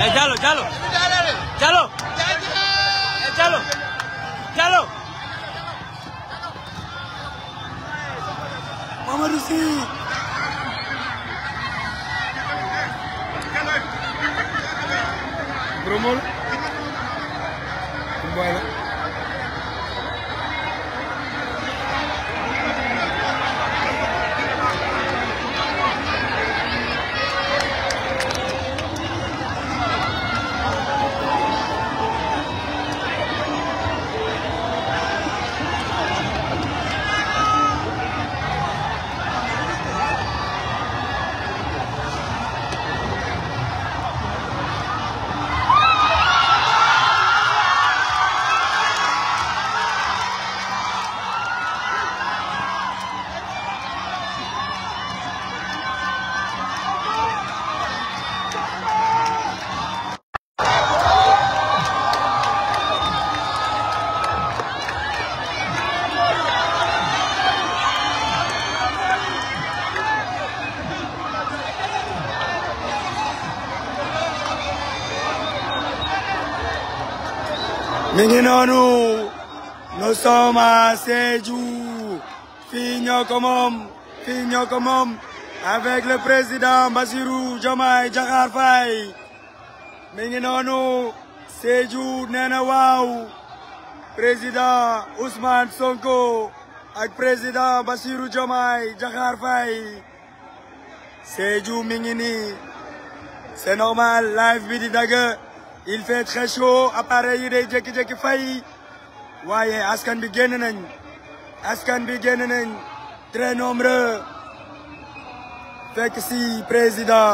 Eh Diallo Diallo Diallo eh Diallo Diallo Mamadou Sy Bromol mi ngi noonu nous sommes à Sédhiou fii ko moom fii avec le président basiru Diomaye Diakhar Faye mi ngi noonu Sédhiou nee na waaw président Ousmane Sonko ak président basiru Diomaye Diakhar Faye Sédhiou mi ngi nii c'est normal live bi di dagg il fait très chaud appareil yi day jékki-jékki fay waaye askan bi génn nañ askan bi génn nañ très nombreux fekk si président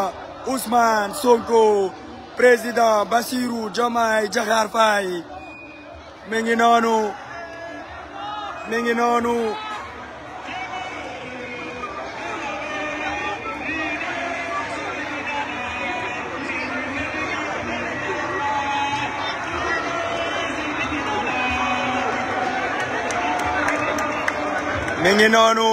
Ousmane Sonko président Bassirou Diomaye Diakhar Faye mi ngi noonu mi ngi noonu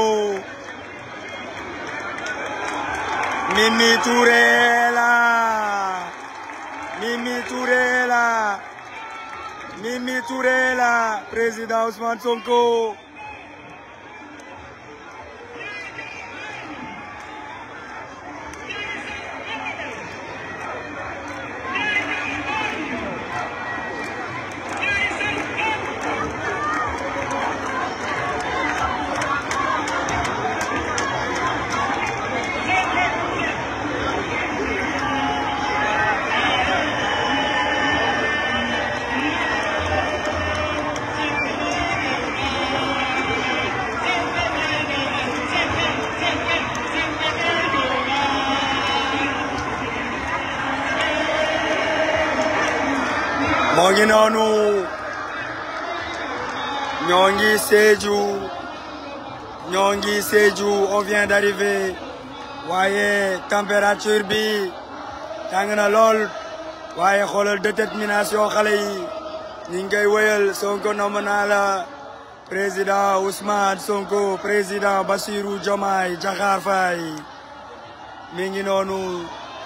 Mimi Touré la Mimi Touré Sonko moo ngi noonu ñoo ngi Sédhiou ñoo ngi Sédhiou on vient d'arriver waaye température bi tàng na lool waaye xoolal détermination xale yi ñu ngi koy Sonko nomm naa la président Ousmane Sonko président Bassirou Diomaye Diakhar Faye mi ngi noonu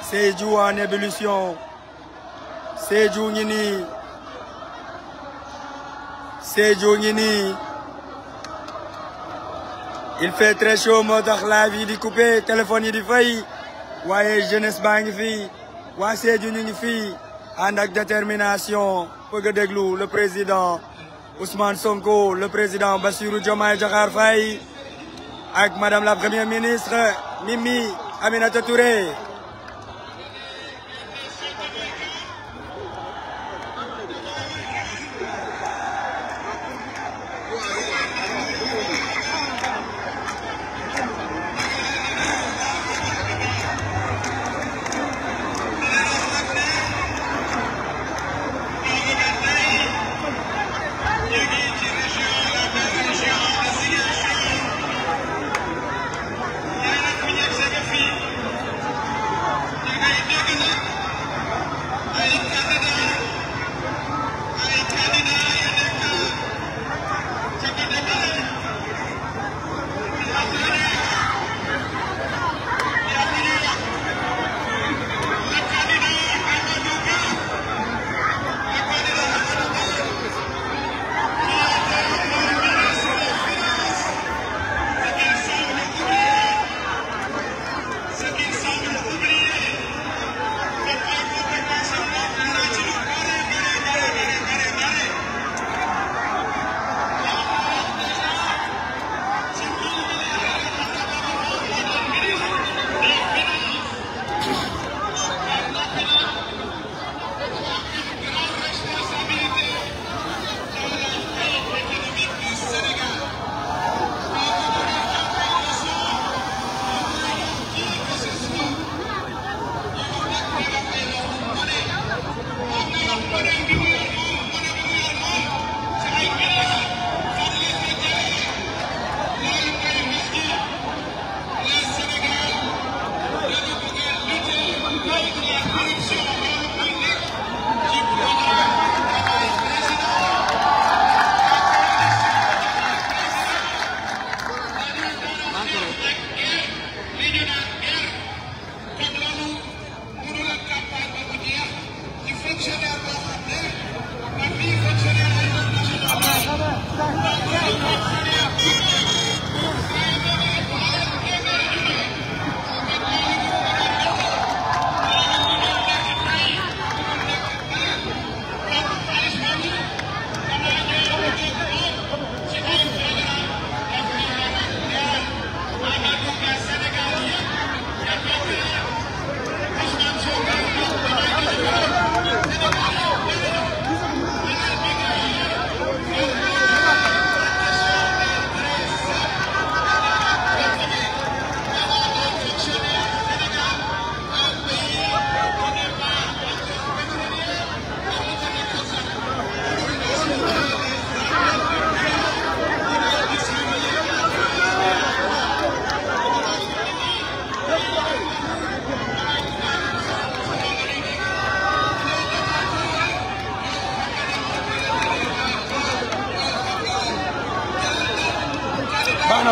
Sédhiou en ébullition Sédhiou ngi nii Sédhiou ngi nii il fait très chaud moo tax live yi di coupé téléphone yi di fay waaye jeunesse baa ngi fii waa Sédhiou ñu ngi fii ànd ak détermination bëgg a déglu le président Ousmane Sonko le président Bassirou Diomaye Diakhar Faye ak madame la première ministre Mimi Aminata Touré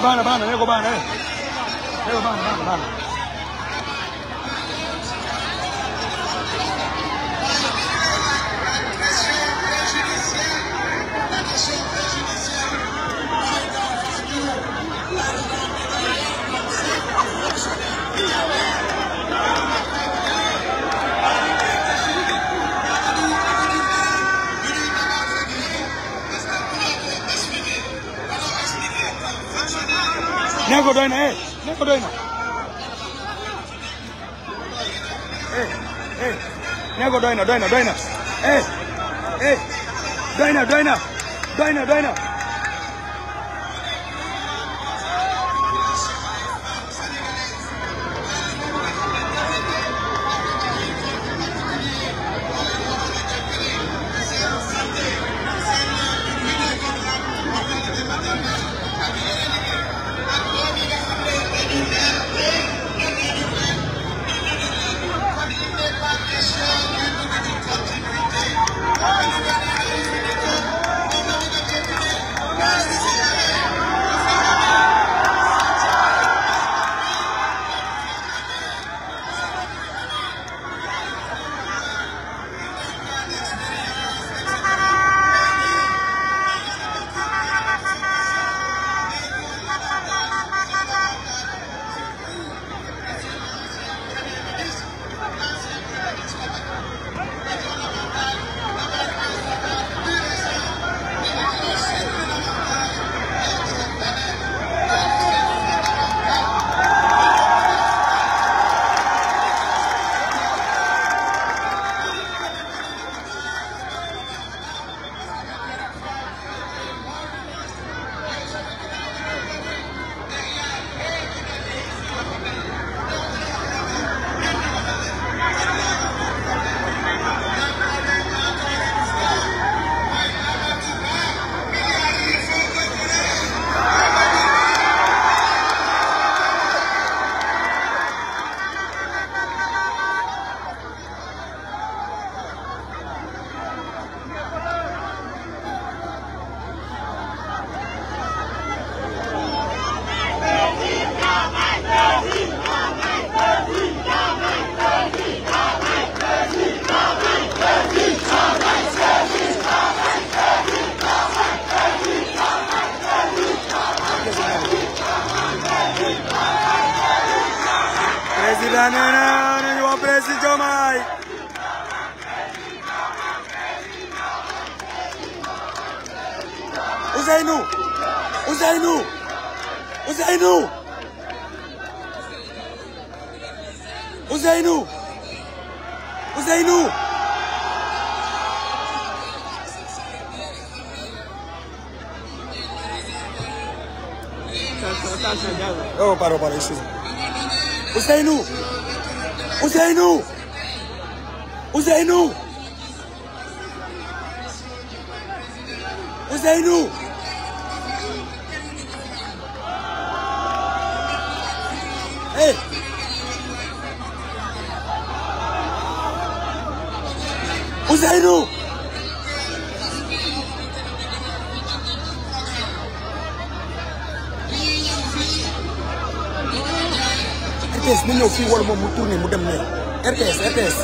bana bana, niko bana eh. Niko bana bana bana. ne ko doy na eh ne ko doy na eh eh ne ko doy na doy na doy na eh eh doy na doy na doy na doy na Ousseynou Ousseynou Ousseynou Ousseynou Oh pardon pardon excusez-moi Ousseynou Ousseynou Ousseynou Ousseynou Aynu! RTS na ñëw fii wala moom mu tourné mu dem ne RTS RTS.